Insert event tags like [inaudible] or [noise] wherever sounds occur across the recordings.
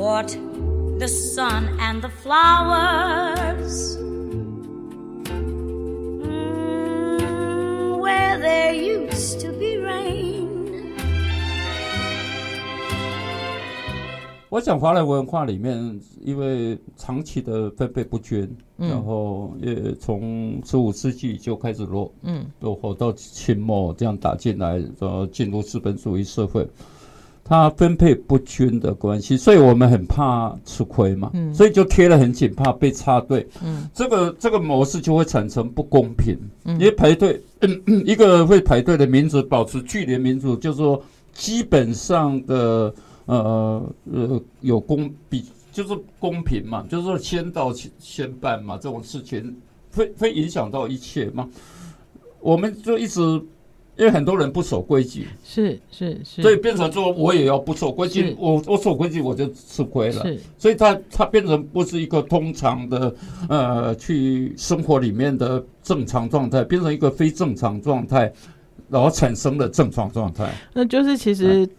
What the sun and the flowers where there used to be rain 我講華萊文化裡面，因為長期的分配不均、嗯、然後也從十五世紀就開始落嗯落後到清末這樣打進來，然後進入資本主義社會，它分配不均的關係，所以我們很怕吃虧嘛、嗯，所以就貼得很緊，怕被插隊、嗯。這個這個模式就會產生不公平。嗯、因為排隊、嗯嗯，一個會排隊的民主，保持距離民主，就是說基本上的呃呃有公比，就是公平嘛，就是說先到先先辦嘛，這種事情會會影響到一切嘛，我們就一直。因為很多人不守規矩，是是是，所以變成說我也要不守規矩，我我守規矩我就吃虧了。所以他他變成不是一個通常的呃去生活裡面的正常狀態，變成一個非正常狀態，然後產生的正常狀態。那就是其實、嗯。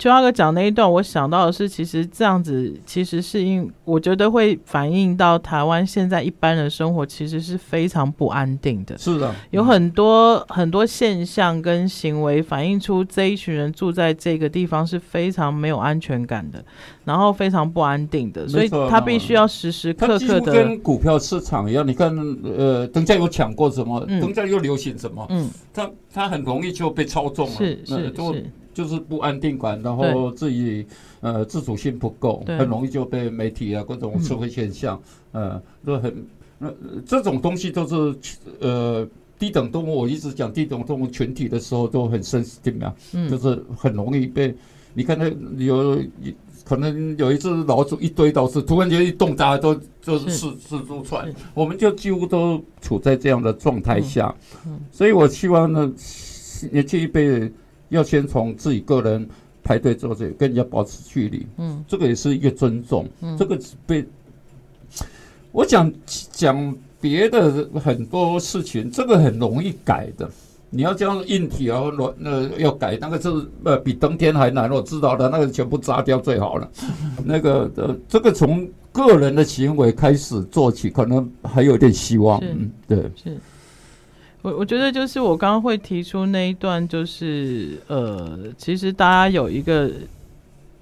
就阿哥講那一段，我想到的是，其實這樣子，其實是因我覺得會反映到台灣現在一般人的生活，其實是非常不安定的。是的，有很多很多現象跟行為反映出這一群人住在這個地方是非常沒有安全感的，然後非常不安定的，所以他必須要時時刻刻的、的。嗯、他幾乎跟股票市場一樣，你看，呃，家又搶過什麼，人、嗯、家又流行什麼，嗯，他他很容易就被操縱了，是是、呃、是。就是不安定感，然後自己呃自主性不夠，很容易就被媒體啊各種社會現象，嗯、呃都很那、呃、這種東西都是呃低等動物。我一直講低等動物群體的時候都很 sensitive 嘛，就是很容易被你看，那有可能有一隻老鼠一堆都是，突然間一動大家、嗯、都就是四四處竄。我們就幾乎都處在這樣的狀態下，嗯、所以我希望呢，年輕一輩。要先從自己個人排隊、做這個，跟人家保持距離，嗯，這個也是一個尊重。嗯，這個被我講講別的很多事情，這個很容易改的。你要將硬體啊，軟、呃、那要改那個，就是呃，比登天還難。我知道的，那個全部炸掉最好了。嗯、那個呃，這個從個人的行為開始做起，可能還有一點希望。是，嗯、對，是。我我覺得就是我剛剛會提出那一段，就是呃，其實大家有一個，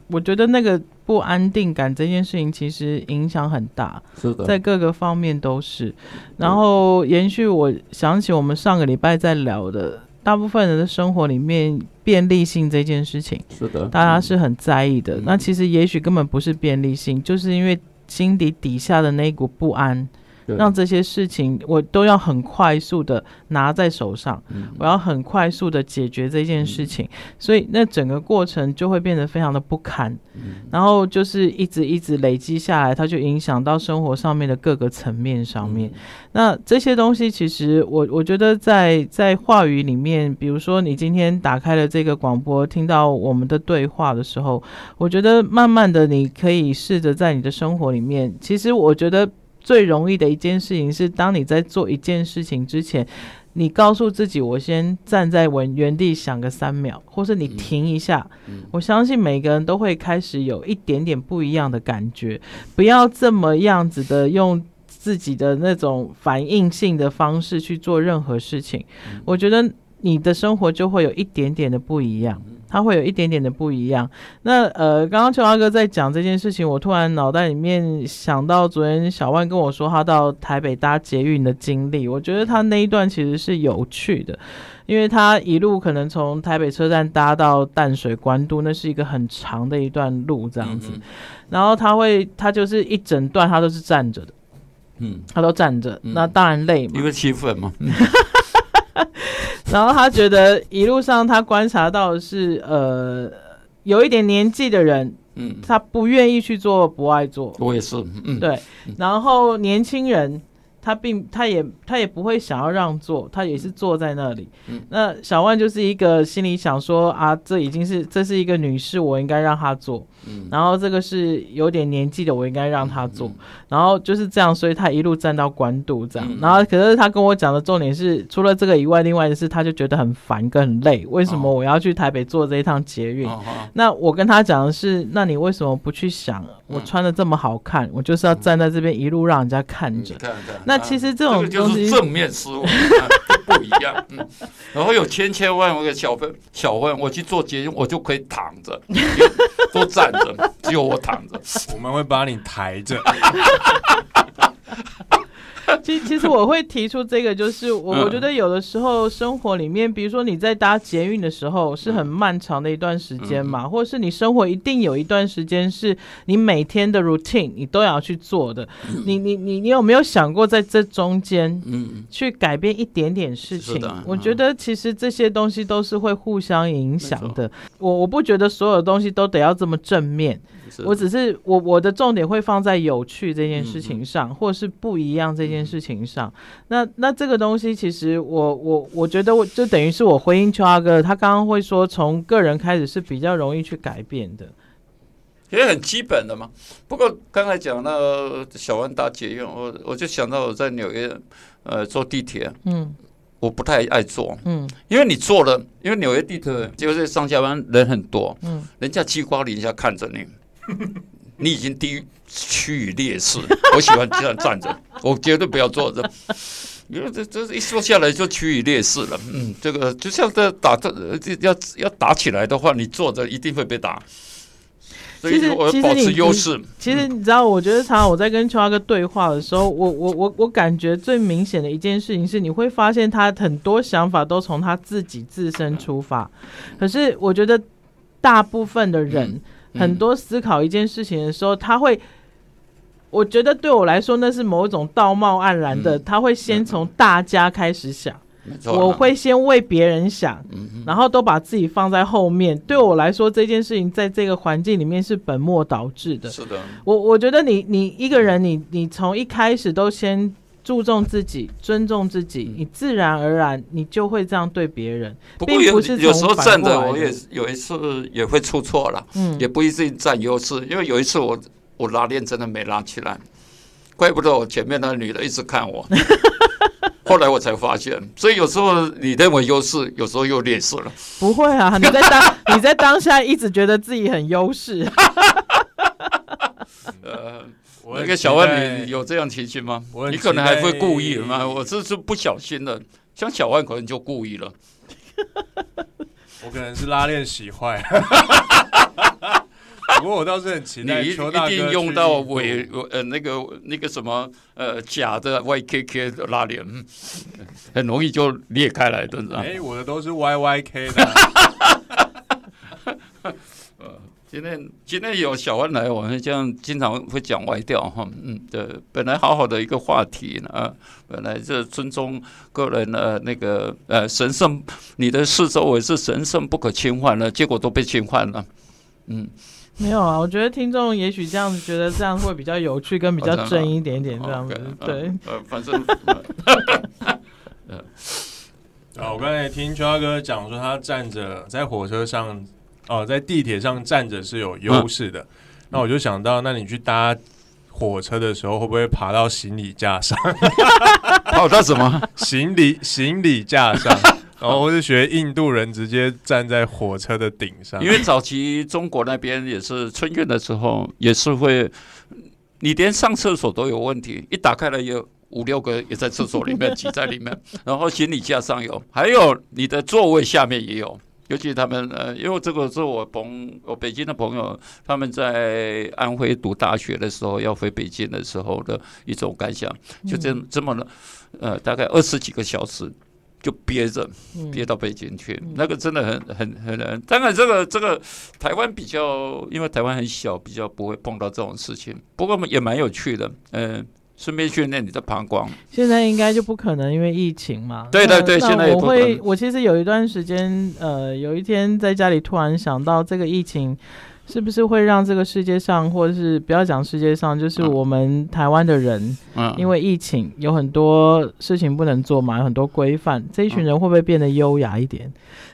我覺得那個不安定感這件事情其實影響很大，是的，在各個方面都是。然後延續，我想起我們上個禮拜在聊的，大部分人的生活裡面便利性這件事情，是的，大家是很在意的，嗯。那其實也許根本不是便利性，就是因為心底底下的那一股不安。讓這些事情我都要很快速的拿在手上，我要很快速的解決這件事情。嗯，所以那整個過程就會變得非常的不堪。嗯，然後就是一直一直累積下來，它就影響到生活上面的各個層面上面。嗯。那這些東西其實我我覺得在在話語裡面，比如說你今天打開了這個廣播，聽到我們的對話的時候，我覺得慢慢的你可以試着在你的生活裡面，其實我覺得。最容易的一件事情是，當你在做一件事情之前，你告訴自己：“我先站在原原地想個三秒，或是你停一下。”嗯，我相信每個人都會開始有一點點不一樣的感覺。不要這麼樣子的用自己的那種反應性的方式去做任何事情，我覺得你的生活就會有一點點的不一樣。他會有一點點的不一樣。那呃，剛剛秋華哥在講這件事情，我突然腦袋裡面想到昨天小萬跟我說他到台北搭捷運的經歷，我覺得他那一段其實是有趣的，因為他一路可能從台北車站搭到淡水關渡，那是一個很長的一段路這樣子，嗯、然後他會他就是一整段他都是站着的，嗯，他都站着，嗯、那當然累嘛，因為氣氛嘛。 [laughs] [laughs] 然後他覺得一路上他觀察到的是，呃，有一點年紀的人，嗯，他不願意去做，不愛做，我也是，嗯，對，嗯，然後年輕人。他並他也他也不會想要讓座，他也是坐在那裡。嗯嗯、那小萬就是一個心裡想說啊，這已經是這是一個女士，我應該讓她坐，嗯。然後這個是有點年紀的，我應該讓她坐。嗯嗯、然後就是這樣，所以他一路站到關渡這樣，嗯。然後可是他跟我講的重點是，除了這個以外，另外的是他就覺得很煩跟很累。為什麼我要去台北坐這一趟捷運，哦哦？那我跟他講的是，那你為什麼不去想？嗯、我穿得這麼好看，我就是要站在這邊一路讓人家看着。嗯啊、那其實這種、啊這個、就是正面思維，啊、不一樣、嗯。然後有千千萬萬個小朋友、小朋友，我去做節目，我就可以躺着，都站着，只有我躺着， [laughs] 我們會把你抬着。 [laughs] [laughs] 其 [laughs] 其實我會提出這個，就是我我覺得有的時候生活裡面，比如說你在搭捷運的時候是很漫長的一段時間嘛，或者是你生活一定有一段時間是你每天的 routine 你都要去做的，你你你有沒有想過在這中間，嗯，去改變一點點事情？我覺得其實這些東西都是會互相影響的。我我不覺得所有東西都得要這麼正面，我只是我我的重點會放在有趣這件事情上，或者是不一樣這件。這件事情上，那那這個東西，其實我我我覺得我，我就等於是我回應圈阿哥，他剛剛會說，從個人開始是比較容易去改變的，也很基本的嘛。不過剛才講到小文大捷用，我我就想到我在紐約，呃，坐地鐵，嗯，我不太愛坐，嗯，因為你坐了，因為紐約地鐵就是上下班人很多，嗯，人家居高臨下看着你。 [laughs] 你已經低，屈於劣勢。我喜歡這樣站着， [laughs] 我絕對不要坐着，因為這這一坐下來就屈於劣勢了。嗯，這個就像這打這要要打起來的話，你坐着一定會被打。所以我要保持優勢。其實你知道、嗯，我覺得常常我在跟邱華哥對話的時候，我我我我感覺最明顯的一件事情是，你會發現他很多想法都從他自己自身出發、嗯，可是我覺得大部分的人。嗯很多思考一件事情的時候、嗯，他會，我覺得對我來說那是某一種道貌岸然的、嗯，他會先從大家開始想，嗯啊、我會先為別人想、嗯，然後都把自己放在後面。對我來說，這件事情在這個環境裡面是本末倒置的。是的，我我覺得你你一個人你，你你從一開始都先。注重自己，尊重自己，你自然而然你就會這樣對別人。並不，是過不過有，有時候站著，我也有一次也會出錯了，嗯，也不一定占優勢。因為有一次我我拉鏈真的沒拉起來，怪不得，我前面那女的一直看我。 [laughs] 後來我才發現，所以有時候你認為優勢，有時候又劣勢了。不會啊，你在當 [laughs] 你在當下一直覺得自己很優勢。 [laughs] 呃。那個小萬，你有這樣情形嗎？你可能還會故意嘛，我這是不小心的，像小萬可能就故意了。我可能是拉鏈洗壞。不 [laughs] 過 [laughs] [laughs] 我倒是很期待，一一定用到偽呃那個那個什麼呃假的 YKK 的拉鏈，很容易就裂開來，對不對？哎，我的都是 Y Y K 的、啊。 [laughs] 今天今天有小萬來，我們這樣經常會講歪掉哈，嗯，對，本來好好的一個話題呢、啊，本來這尊重個人的、呃，那個呃神聖，你的四周圍是神聖不可侵犯的，結果都被侵犯了，嗯，沒有啊，我覺得聽眾也許這樣覺得這樣會比較有趣，跟比較真一點一點、 [laughs] 哦、這樣子，okay, 對、啊，呃，反正，呃、 [laughs] [laughs] 啊，啊，我剛才聽秋花哥講說，他站着在火車上。哦，在地鐵上站着是有優勢的、嗯。嗯嗯、那我就想到，那你去搭火車的時候，會不會爬到行李架上？哦，那什麼？行李行李架上，然後我就學印度人直接站在火車的頂上。因為早期中國那邊也是春運的時候，也是會，你連上廁所都有問題。一打開了有五六個也在廁所裡面擠在裡面，然後行李架上有，還有你的座位下面也有。尤其他們呃，因為這個是我朋，我北京的朋友，他們在安徽讀大學的時候，要回北京的時候的一種感想，就這樣這麼呢，呃，大概二十幾個小時就憋着，憋到北京去，嗯、那個真的很很很難。當然、這個，這個這個台灣比較，因為台灣很小，比較不會碰到這種事情。不過也蠻有趣的，嗯、呃。順便訓練你的膀胱，現在應該就不可能，因為疫情嘛。對對對，現在我會。我其實有一段時間，呃，有一天在家裡突然想到這個疫情。是不是會讓這個世界上，或者是不要講世界上，就是我們台灣的人嗯，嗯，因為疫情有很多事情不能做嘛，有很多規範，這一群人會不會變得優雅一點？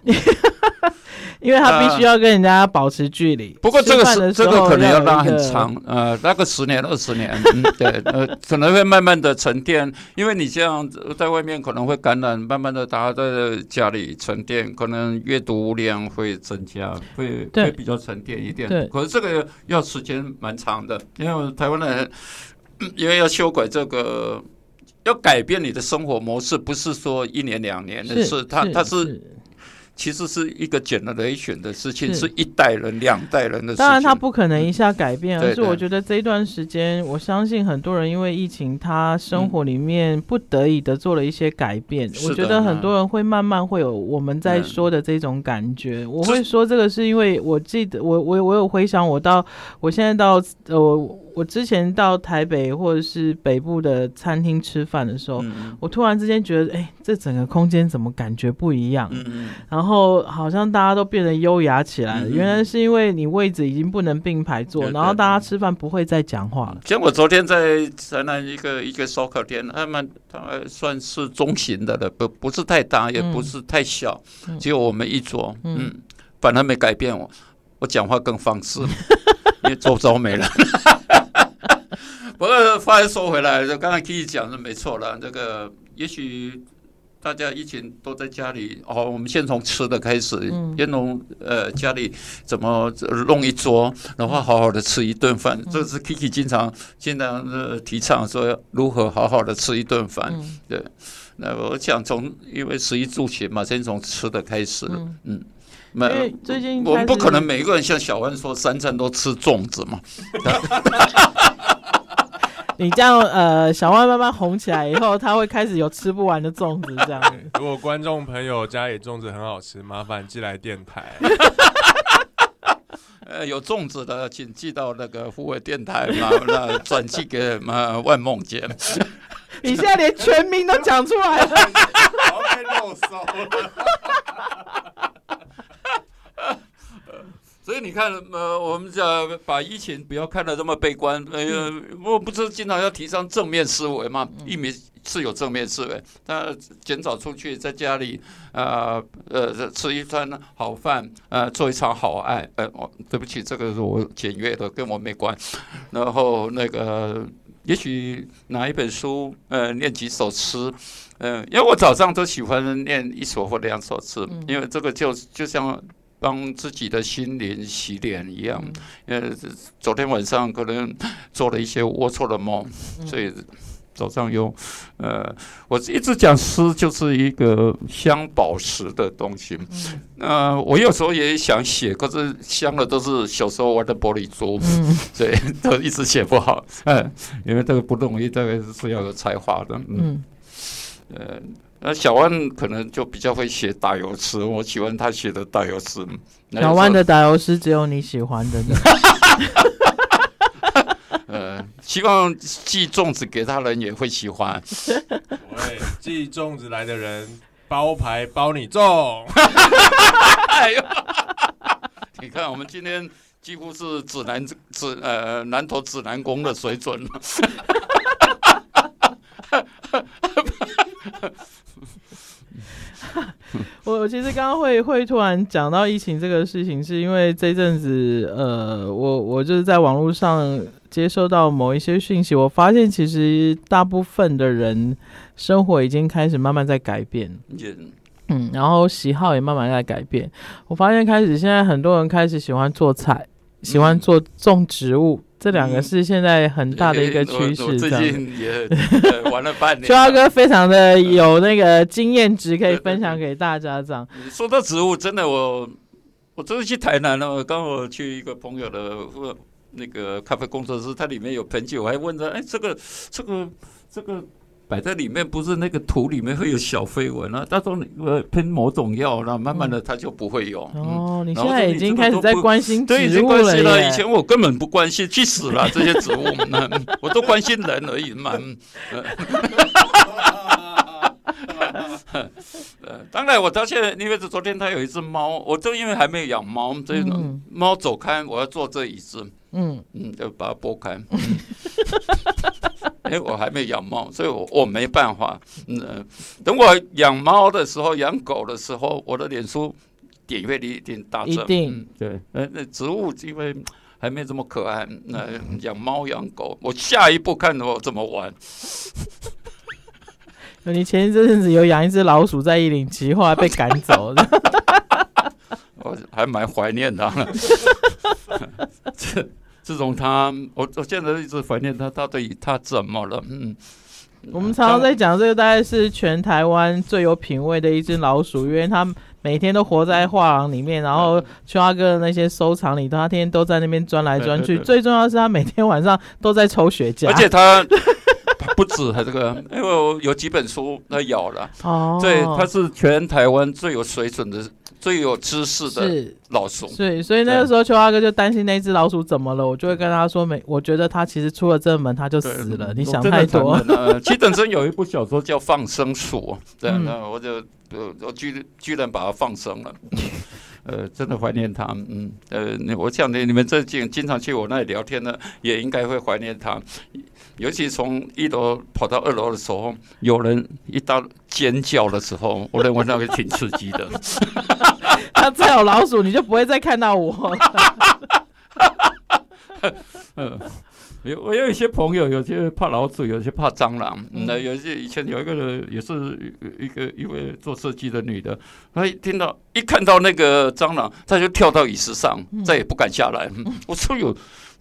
嗯、 [laughs] 因為他必須要跟人家保持距離。啊、不過這個是這個可能要拉很長，呃，拉個十年二十年，年嗯、 [laughs] 對，呃，可能會慢慢的沉澱，因為你這樣在外面可能會感染，慢慢的大家在家裡沉澱，可能閱讀量會增加，會會比較沉澱一點。對，可是這個要時間蠻長的，因為台灣的人，因為要修改這個，要改變你的生活模式，不是說一年兩年的事，他他是，是其實是一個 generation 事情，是，是一代人、兩代人的事情。當然，他不可能一下改變，嗯、對對，而是我覺得這段時間，我相信很多人因為疫情，他生活裡面不得已的做了一些改變。嗯、我覺得很多人會慢慢會有我們在說的這種感覺。嗯、我會說這個是因為，我記得我我我有回想，我到我現在到呃。我我之前到台北或者是北部的餐廳吃飯的時候、嗯，我突然之間覺得，哎，、欸，這整個空間怎麼感覺不一樣？嗯，然後好像大家都變得優雅起來了、嗯。原來是因為你位置已經不能並排坐，嗯、然後大家吃飯不會再講話了。對對對。像我昨天在台南一個一個燒烤店，他們他們算是中型的了，不不是，太大，也不是太小，結果、嗯、我們一桌，嗯，嗯，反而沒改變我，我講話更放肆， [laughs] 因為周遭沒人。 [laughs] 不過話又說回來，就剛才 Kiki 講的沒錯了。那、這個也許大家疫情都在家裡哦，我們先從吃的開始，嗯、先從呃家裡怎麼弄一桌，然後好好的吃一頓飯、嗯。這是 Kiki 經常經常呃提倡說如何好好的吃一頓飯、嗯。對，那我想從因為食衣住行嘛，先從吃的開始。嗯，那、嗯、最近我們不可能每個人像小安說三餐都吃粽子嘛。 [laughs] [laughs] 你這樣，呃，小萬慢慢紅起來以後，他會開始有吃不完的粽子這樣子。如果觀眾朋友家裡粽子很好吃，麻煩寄來電台。 [laughs] [laughs] 呃，有粽子的請寄到那個護衛電台，嘛， [laughs] 那轉寄給嘛、呃、萬夢杰。 [laughs] [laughs] 你現在連全名都講出來了。我要被肉搜了。 [laughs] 所以你看，呃，我們這把疫情不要看得這麼悲觀，哎、呃，我不是經常要提倡正面思維嘛，一米是有正面思維，那減少出去，在家裡啊、呃，呃，吃一餐好飯，呃，做一場好愛，呃，對不起，這個是我簡約的，跟我沒關。然後那個，也許拿一本書，呃，念幾首詩，嗯、呃，因為我早上都喜歡念一首或兩首詩，因為這個就就像。幫自己的心靈洗臉一樣。呃，昨天晚上可能做了一些齷齪的夢，所以早上有。呃，我一直講詩就是一個鑲寶石的東西。那我有時候也想寫，可是鑲的都是小時候玩的玻璃珠，所以都一直寫不好。嗯。因為這個不容易，這個是要有才華的。嗯。呃。那小萬可能就比較會寫打油詩，我喜歡他寫的打油詩。小萬的打油詩只有你喜歡的呢？ [laughs] [laughs] 呃，希望寄粽子給他人也會喜歡。 [laughs] 喂，寄粽子來的人，包牌包你中。 [laughs] [laughs] 哎呦，你看我們今天幾乎是指南指呃南投指南宮的水準了。 [laughs] [laughs] [laughs] 我其實剛剛會會突然講到疫情這個事情，是因為這陣子，呃，我我就是在網絡上接收到某一些訊息，我發現其實大部分的人生活已經開始慢慢在改變，Yeah. 嗯，然後喜好也慢慢在改變。我發現開始現在很多人開始喜歡做菜。喜歡做種植物、嗯，這兩個是現在很大的一個趨勢。最、嗯、近、欸、也， [laughs] 也玩了半年了，秋哥非常的有那個經驗值可以分享給大家講、嗯嗯。說到植物，真的我我這次去台南呢，我剛好去一個朋友的那個咖啡工作室，它裡面有盆景，我還問他，哎，這個這個這個。這個擺在裡面，不是那個土裡面會有小飛蚊了？啊，他說我噴某種藥了，慢慢的它就不會有。嗯嗯、哦，然後你，你現在已經開始在關心植物了，關心了。以前我根本不關心，去死了這些植物呢，嗯，我都關心人而已嘛。呃，當然我到現在，因為是昨天他有一只貓，我就因為還沒有養貓，所以貓、嗯、走開我要坐這椅子，嗯嗯，就把它撥開。嗯嗯 [laughs] 哎， [laughs] 我還沒養貓，所以我我沒辦法。嗯，等我養貓的時候，養狗的時候，我的臉書點閱率一定大增。一定，嗯，對。哎，嗯，那植物因為還沒這麼可愛。那養貓養狗，我下一步看我怎麼玩。 [laughs] 你前一陣子有養一隻老鼠在一嶺奇花被趕走的。 [laughs] [laughs] [laughs] 我還蠻懷念它的。自從他，我我現在一直懷念他，到底他怎麼了？嗯，我們常常在講這個，大概是全台灣最有品味的一只老鼠，因為他每天都活在畫廊裡面，然後秋阿哥的那些收藏裡，他天天都在那邊鑽來鑽去。欸欸欸，最重要的是，他每天晚上都在抽雪茄，而且他不止他這個， [laughs] 因為我有幾本書他咬了。哦，對，他是全台灣最有水準的。最有知識的老鼠，對，所以那個時候秋大哥就擔心那只老鼠怎麼了，我就會跟他說，沒，我覺得他其實出了這個門他就死了，你想太多呢。啊、 [laughs] 其實本身有一部小說叫《放生鼠》，對、嗯，那我就呃，我居居然把它放生了，呃、嗯，真的懷念他，嗯，呃，我想的你,你們最近經常去我那裡聊天呢，也應該會懷念他，尤其從一樓跑到二樓的時候，有人一到尖叫的時候，我認為那個挺刺激的。 [laughs] 再有老鼠，你就不會再看到我了。 [laughs] [laughs] [laughs] 嗯，有我有一些朋友，有些怕老鼠，有些怕蟑螂。嗯、那有一些以前有一個人，也是一個一位做設計的女的，她一聽到一看到那個蟑螂，她就跳到椅子上，再也不敢下來。嗯、我說有，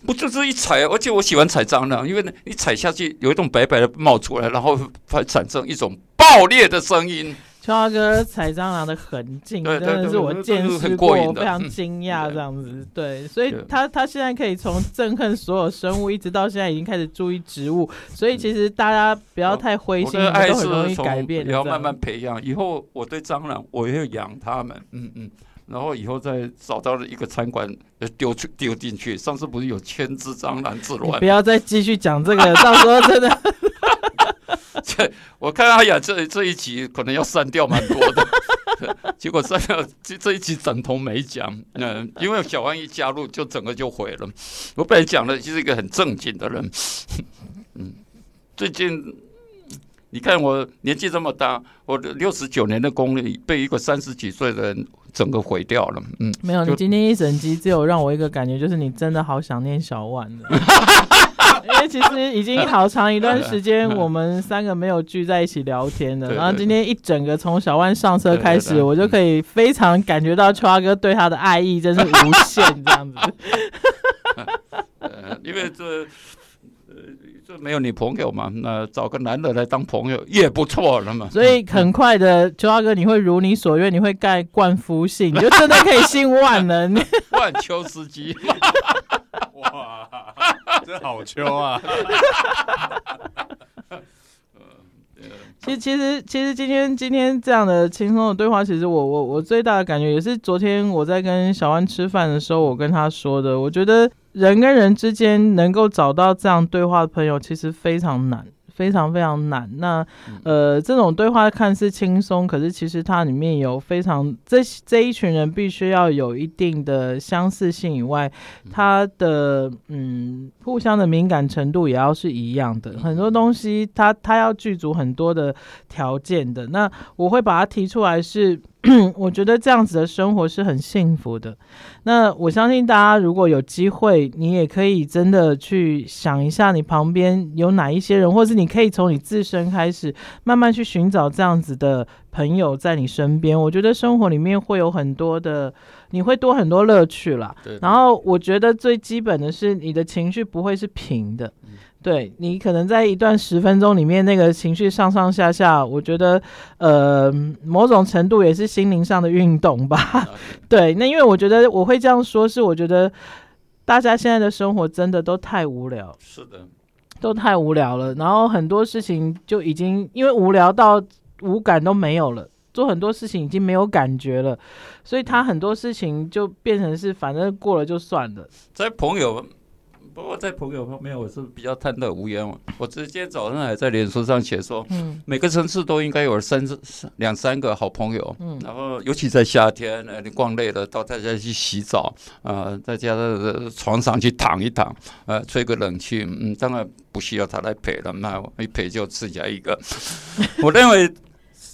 我就是一踩，而且我喜歡踩蟑螂，因為呢，一踩下去有一種白白的冒出來，然後還產生一種爆裂的聲音。青蛙哥踩蟑螂的痕跡，真的是我見識過，非常驚訝這樣子。對，所以他他現在可以從憎恨所有生物，一直到現在已經開始注意植物。所以其實大家不要太灰心，都很容易改變，你要慢慢培養，以後我對蟑螂我也會養它們。嗯嗯，然後以後再找到了一個餐館，丟去丟進去。上次不是有千隻蟑螂之亂，不要再繼續講這個，到時候真的。 [laughs] 這 [laughs] 我看阿、啊、雅這這一集可能要刪掉蠻多的， [laughs] 結果刪掉這這一集整套沒講，嗯，因為小萬一加入就整個就毀了。我本來講的就是一個很正經的人，嗯，最近你看我年紀這麼大，我六十九年的功力被一個三十幾歲的人整個毀掉了，嗯，沒有，你今天一整集只有讓我一個感覺就是你真的好想念小萬的。 [laughs] [laughs] 因為其實已經好長一段時間我們三個沒有聚在一起聊天了，然後今天一整個從小萬上車開始，我就可以非常感覺到秋阿哥對他的愛意真是無限這樣子。 [laughs] [laughs] [laughs] 因為這這沒有女朋友嘛，那找個男的來當朋友也不錯了嘛。 [laughs] 所以很快的秋阿哥，你會如你所願，你會蓋冠夫姓，你就真的可以姓萬了， [laughs] 萬秋司機。哇。 [laughs] 這好秋啊！哈，哈哈。其實，其實，其實今天今天這樣的輕鬆的對話，其實我我我最大的感覺也是昨天我在跟小安吃飯的時候，我跟他說的。我覺得人跟人之間能夠找到這樣對話的朋友，其實非常難。非常非常難。那呃，這種對話看似輕鬆，可是其實它裡面有非常這這一群人必須要有一定的相似性以外，他的嗯互相的敏感程度也要是一樣的。很多東西，他他要具足很多的條件的。那我會把它提出來是。 [coughs] 我覺得這樣子的生活是很幸福的。那我相信大家如果有機會，你也可以真的去想一下，你旁邊有哪一些人，或者是你可以從你自身開始，慢慢去尋找這樣子的朋友在你身邊。我覺得生活裡面會有很多的，你會多很多樂趣啦。對。然後我覺得最基本的是，你的情緒不會是平的。對，你可能在一段十分鐘裡面，那個情緒上上下下，我覺得，呃，某種程度也是心靈上的運動吧。啊、對，那因為我覺得我會這樣說，是我覺得大家現在的生活真的都太無聊。是的，都太無聊了。然後很多事情就已經因為無聊到無感都沒有了，做很多事情已經沒有感覺了，所以他很多事情就變成是反正過了就算了。在朋友。不過在朋友方面，我是比較貪得無厭。我直接早上還在臉書上寫說，每個城市都應該有三三兩三個好朋友。嗯，然後尤其在夏天，你逛累了到他家去洗澡啊、呃，在家的床上去躺一躺啊、呃，吹個冷氣。嗯，當然不需要他來陪了，那我一陪就自己一個。 [laughs] 我認為。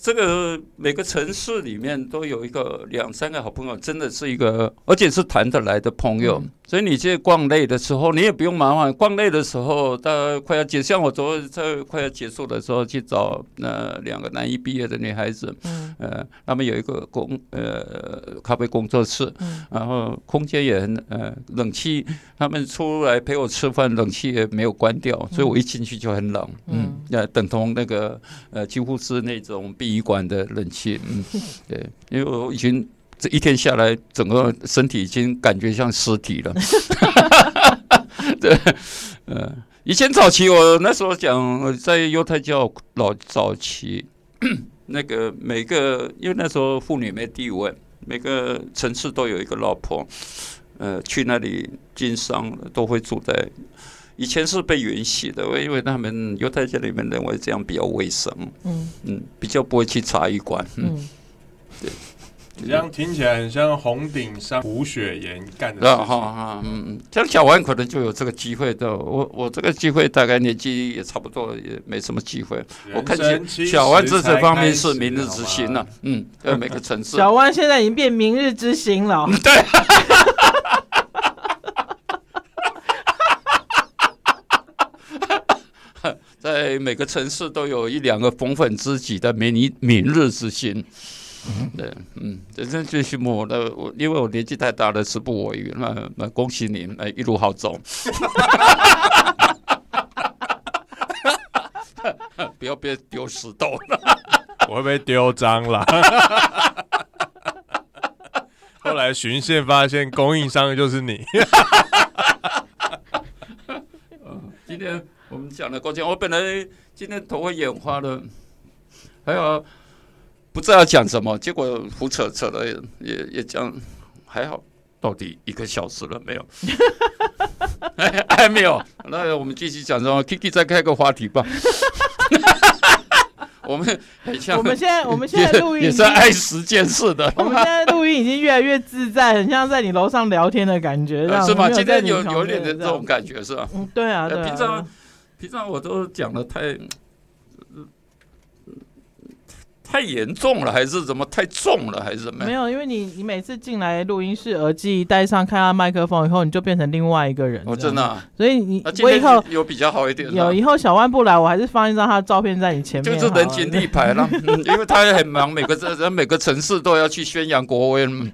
這個每個城市裡面都有一個兩三個好朋友，真的是一個，而且是談得來的朋友，嗯。所以你去逛累的時候，你也不用麻煩。逛累的時候，到快要結，像我昨在快要結束的時候去找那兩個南藝畢業的女孩子，嗯，他們有一個工，呃，咖啡工作室，嗯，然後空間也很，呃，冷氣，他們出來陪我吃飯，冷氣也沒有關掉，所以我一進去就很冷，嗯，嗯。那等同那個呃、幾乎是那種殯儀館的冷氣，嗯，對，因為我已經這一天下來，整個身體已經感覺像屍體了。 [laughs] [laughs] 對，呃，以前早期我那時候講我在猶太教老早期， [coughs] 那個每個因為那時候婦女沒地位，每個城市都有一個老婆，呃，去那裡經商都會住在。以前是被允許的，我因為他們猶太教裡面認為這樣比較衛生，嗯嗯，比較不會去茶藝館，嗯，嗯對，對，這樣聽起來很像紅頂商，胡雪岩幹的，哈、啊、哈、啊啊，嗯，像小灣可能就有這個機會的，我我這個機會大概年紀也差不多，也沒什麼機會，我看小灣在這方面是明日之星、啊、了，嗯， [laughs] 每個城市小灣現在已經變明日之星了，嗯、對。 [laughs] 每個城市都有一兩個紅粉知己的明日明日之星，嗯，對，嗯，人生就是我的，我因為我年紀太大了，時不我與那嘛，那恭喜您，哎，一路好走， [laughs] [laughs] [laughs] 不要被丟石頭了，我會被丟蟑螂。 [laughs] 後來巡線，發現供應商就是你。 [laughs] 今天我們講了過嗆，我本來今天頭昏眼花的，還有不知道講什麼，結果胡扯扯了也也講，還好，到底一個小時了沒有？ [laughs] 還沒有，那我們繼續講什麼？Kiki 再開個話題吧。 [laughs] [laughs] 我們很像我們，我們現在也我們現在錄音也是愛時間似的。我們現在錄音已經越來越自在，很像在你樓上聊天的感覺， [laughs] 是吧？今天有有一點這種感覺， [laughs] 是吧？嗯，對啊，對啊。平常平常我都講的太。 [laughs] 太嚴重了，還是怎麼？太重了，還是怎麼？沒有，因為你你每次進來錄音室耳，耳機戴上，看到麥克風以後，你就變成另外一個人。我、哦、真的、啊，所以你、啊、我以後有比較好一點。有以後小萬不來，我還是放一張他的照片在你前面。就是人形立牌啦，因為他很忙， [laughs] 每個、人每個城市都要去宣揚國威。 [laughs]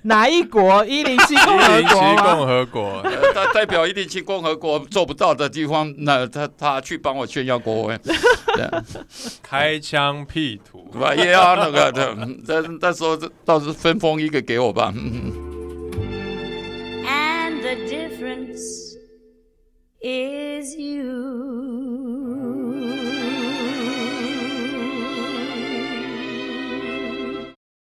[laughs] 哪一國？一零七共和國。一零七共和國，他代表一零七共和國做不到的地方，那他他去幫我炫耀國威 [laughs] 。開疆闢土，對吧？也 [laughs] 要 Yeah, [laughs] 那個的，但但是到時候到時候分封一個給我吧。 [laughs] And the difference is you.